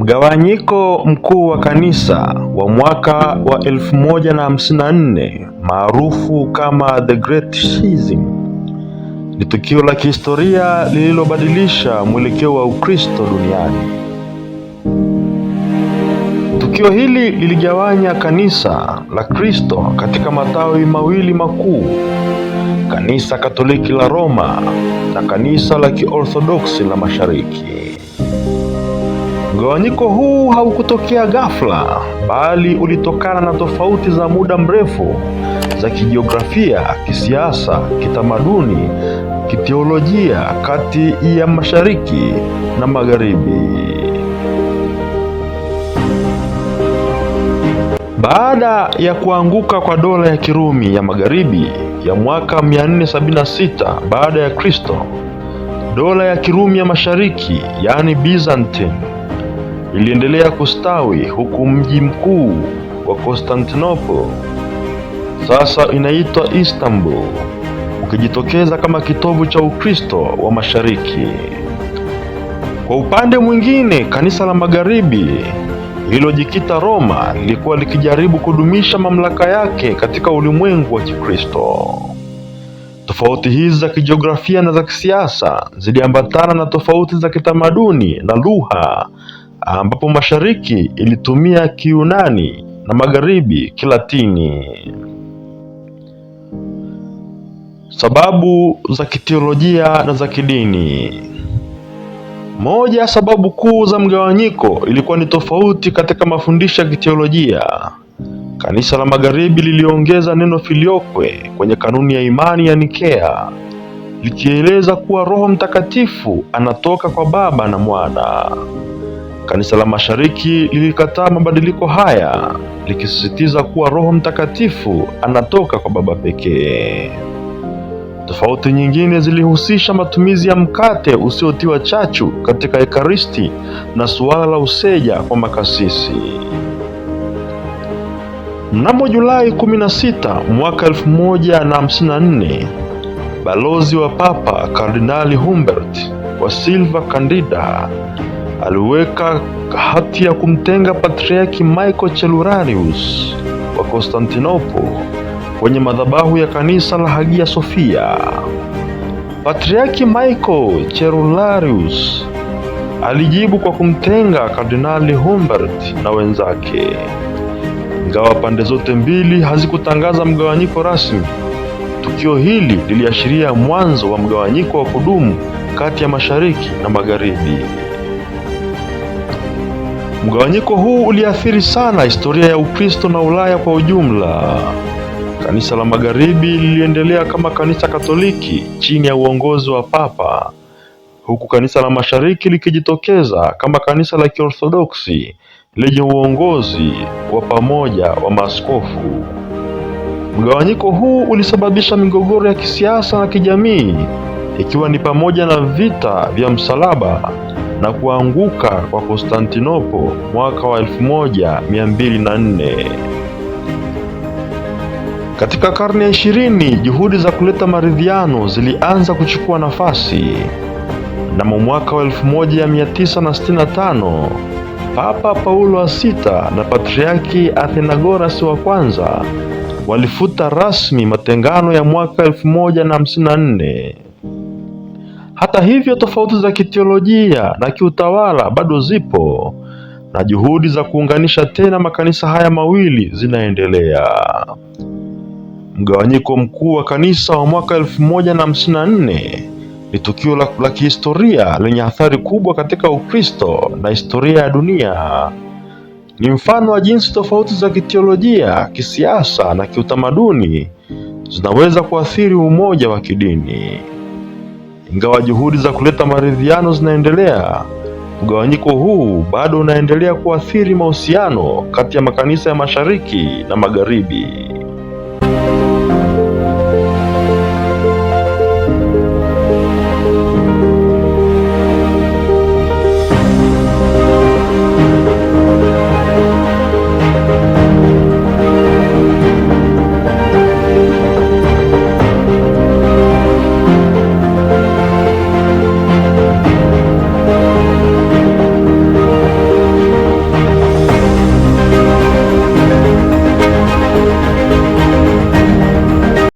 Mgawanyiko mkuu wa Kanisa wa mwaka wa 1054 maarufu kama The Great Schism ni tukio la kihistoria lililobadilisha mwelekeo wa Ukristo duniani. Tukio hili liligawanya Kanisa la Kristo katika matawi mawili makuu, Kanisa Katoliki la Roma na Kanisa la Kiorthodoksi la Mashariki. Mgawanyiko huu haukutokea ghafla, bali ulitokana na tofauti za muda mrefu za kijiografia, kisiasa, kitamaduni, kiteolojia kati ya Mashariki na Magharibi. Baada ya kuanguka kwa dola ya Kirumi ya Magharibi ya mwaka 476 baada ya Kristo, dola ya Kirumi ya Mashariki, yaani Byzantine iliendelea kustawi huku mji mkuu wa Constantinople sasa inaitwa Istanbul ukijitokeza kama kitovu cha Ukristo wa Mashariki. Kwa upande mwingine, kanisa la Magharibi lililojikita Roma lilikuwa likijaribu kudumisha mamlaka yake katika ulimwengu wa Kikristo. Tofauti hizi za kijiografia na za kisiasa ziliambatana na tofauti za kitamaduni na lugha ambapo mashariki ilitumia kiunani na magharibi Kilatini. Sababu za kiteolojia na za kidini. Moja ya sababu kuu za mgawanyiko ilikuwa ni tofauti katika mafundisho ya kiteolojia. Kanisa la Magharibi liliongeza neno filioque kwenye kanuni ya imani ya Nikea, likieleza kuwa Roho Mtakatifu anatoka kwa Baba na Mwana. Kanisa la Mashariki lilikataa mabadiliko haya likisisitiza kuwa Roho Mtakatifu anatoka kwa Baba pekee. Tofauti nyingine zilihusisha matumizi ya mkate usiotiwa chachu katika Ekaristi na suala la useja kwa makasisi. Mnamo Julai 16 mwaka 1054, balozi wa Papa Kardinali Humbert wa Silva Candida aliweka hati ya kumtenga Patriarki Michael Chelurarius wa Konstantinopo kwenye madhabahu ya kanisa la Hagia Sophia. Patriarki Michael Chelurarius alijibu kwa kumtenga Kardinali Humbert na wenzake. Ingawa pande zote mbili hazikutangaza mgawanyiko rasmi, tukio hili liliashiria mwanzo wa mgawanyiko wa kudumu kati ya mashariki na magharibi. Mgawanyiko huu uliathiri sana historia ya Ukristo na Ulaya kwa ujumla. Kanisa la Magharibi liliendelea kama Kanisa Katoliki chini ya uongozi wa Papa, huku Kanisa la Mashariki likijitokeza kama Kanisa la Kiorthodoksi lenye uongozi wa pamoja wa maaskofu. Mgawanyiko huu ulisababisha migogoro ya kisiasa na kijamii, ikiwa ni pamoja na vita vya msalaba na kuanguka kwa Konstantinopo mwaka wa 1204. Katika karne ya ishirini, juhudi za kuleta maridhiano zilianza kuchukua nafasi. Mnamo mwaka wa 1965 Papa Paulo wa Sita na Patriaki Athenagoras wa kwanza walifuta rasmi matengano ya mwaka 1054. Hata hivyo, tofauti za kiteolojia na kiutawala bado zipo na juhudi za kuunganisha tena makanisa haya mawili zinaendelea. Mgawanyiko mkuu wa kanisa wa mwaka elfu ni tukio la, la kihistoria lenye athari kubwa katika Ukristo na historia ya dunia. Ni mfano wa jinsi tofauti za kiteolojia, kisiasa na kiutamaduni zinaweza kuathiri umoja wa kidini. Ingawa juhudi za kuleta maridhiano zinaendelea, mgawanyiko huu bado unaendelea kuathiri mahusiano kati ya makanisa ya Mashariki na Magharibi.